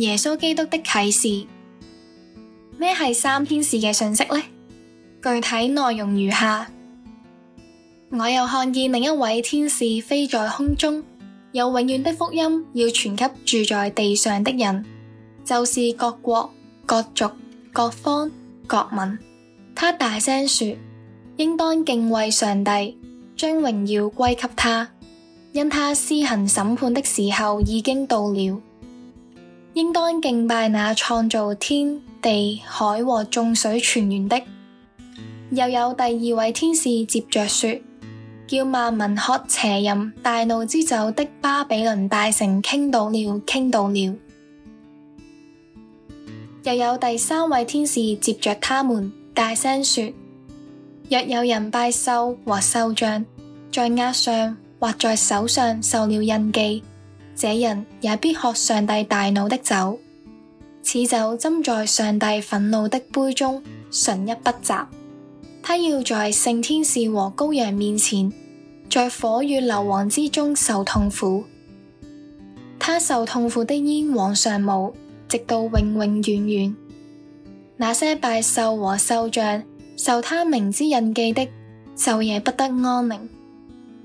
耶穌基督的啟示。咩係三天使嘅信息呢？具體內容如下：我又看見另一位天使飛在空中，有永遠的福音要傳給住在地上的人，就是各國、各族、各方、各民。他大聲說：應當敬畏上帝，將榮耀歸給他，因他施行審判的時候已經到了。應當敬拜那創造天地海和眾水泉源的。又有第二位天使接着說：叫萬民喝邪淫大怒之酒的巴比倫大城傾倒了，傾倒了。又有第三位天使接着他們大聲說：若有人拜獸和獸像，在額上或在手上受了印記。這人也必喝上帝大怒的酒，此酒斟在上帝憤怒的杯中，純一不雜。他要在聖天使和羔羊面前，在火與硫磺之中受痛苦。他受痛苦的煙往上冒，直到永永遠遠。那些拜獸和獸像受他名之印記的，晝夜不得安寧。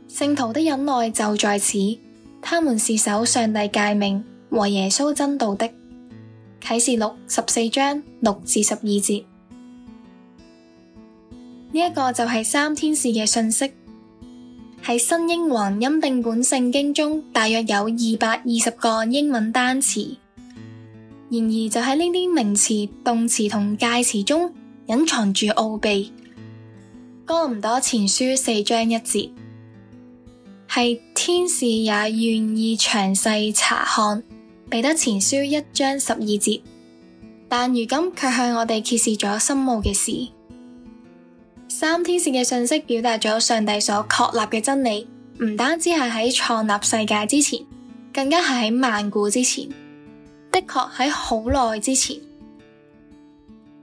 聖徒的忍耐就在此。他們是守上帝誡命和耶穌真道的。啟示錄十四章六至十二節。呢、這、一個就係三天使嘅信息，喺新英皇欽定本聖經中大約有二百二十個英文單詞。然而就喺呢啲名詞、動詞同介詞中隱藏住奧秘。哥林多前書四章一節。係天使也願意詳細查看，彼得前書一章十二節，但如今卻向我哋揭示咗深奧嘅事。三天使嘅信息表達咗上帝所確立嘅真理，唔單止係喺創立世界之前，更加係喺萬古之前，的確喺好耐之前。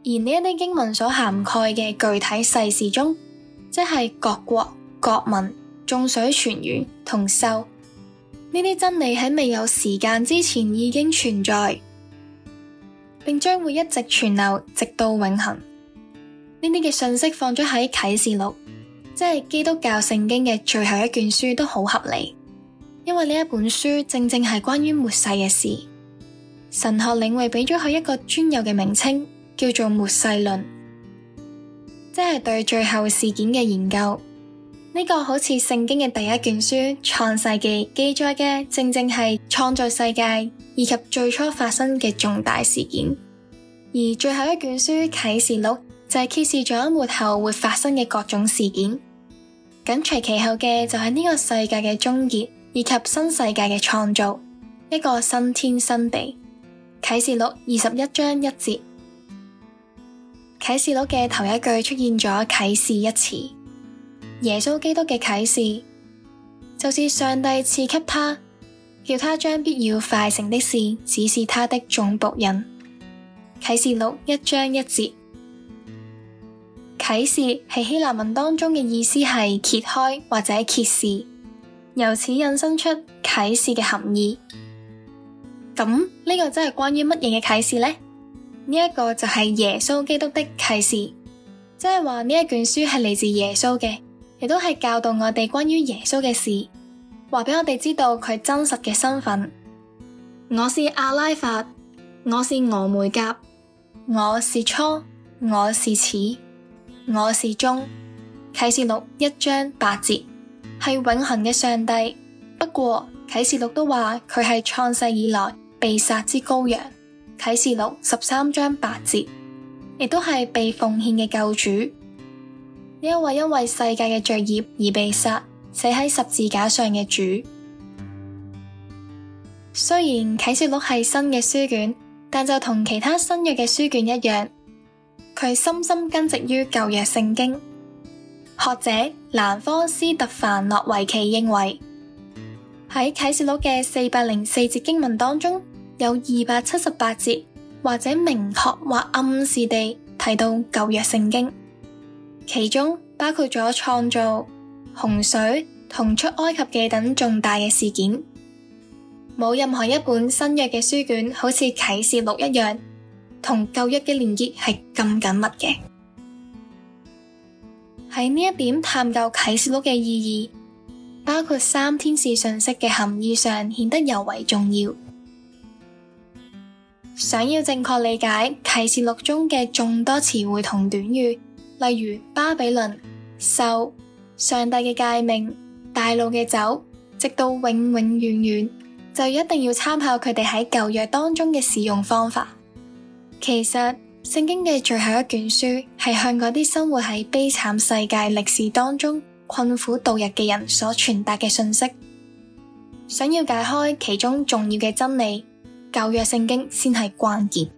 而呢一啲經文所涵蓋嘅具體世事中，即係各國各民。各眾水全完同修。呢啲真理喺未有時間之前已經存在，並將會一直存留，直到永恆。呢啲嘅信息放咗喺啟示錄，即係基督教聖經嘅最後一卷書，都好合理。因為呢一本書正正係關於末世嘅事，神學領域俾咗佢一個專有嘅名稱，叫做末世論，即係對最後事件嘅研究。呢個好似聖經嘅第一卷書《創世記》，記載嘅正正係創造世界以及最初發生嘅重大事件。而最後一卷書《啟示錄》就係、是、揭示咗末後會發生嘅各種事件。緊隨其後嘅就係呢個世界嘅終結以及新世界嘅創造，一個新天新地。《啟示錄》二十一章一節，《啟示錄》嘅頭一句出現咗“啟示”一詞。耶穌基督嘅啟示，就是上帝賜給他，叫他將必要快成的事指示他的眾僕人。啟示錄一章一節。啟示喺希臘文當中嘅意思係揭開或者揭示，由此引申出啟示嘅含義。咁呢個真係關於乜嘢嘅啟示呢？呢一個就係耶穌基督的啟示，即係話呢一卷書係嚟自耶穌嘅。亦都係教導我哋關於耶穌嘅事，話畀我哋知道佢真實嘅身份。我是阿拉法，我是俄梅甲，我是初，我是始，我是終。啟示錄一章八節係永恆嘅上帝，不過啟示錄都話佢係創世以來被殺之羔羊。啟示錄十三章八節亦都係被奉獻嘅救主。呢一位因為世界嘅罪孽而被殺、死喺十字架上嘅主。雖然啟示錄係新嘅書卷，但就同其他新約嘅書卷一樣，佢深深根植於舊約聖經。學者蘭科斯特凡諾維奇認為，喺啟示錄嘅四百零四節經文當中，有二百七十八節或者明確或暗示地提到舊約聖經。其中包括咗創造洪水同出埃及嘅等重大嘅事件，冇任何一本新約嘅書卷好似啟示錄一樣，同舊約嘅連結係咁緊密嘅。喺呢一點探究啟示錄嘅意義，包括三天使信息嘅含義上，顯得尤為重要。想要正確理解啟示錄中嘅眾多詞彙同短語。例如巴比倫、獸、上帝嘅誡命、大路嘅酒、直到永永遠遠，就一定要參考佢哋喺舊約當中嘅使用方法。其實聖經嘅最後一卷書係向嗰啲生活喺悲慘世界歷史當中困苦度日嘅人所傳達嘅信息。想要解開其中重要嘅真理，舊約聖經先係關鍵。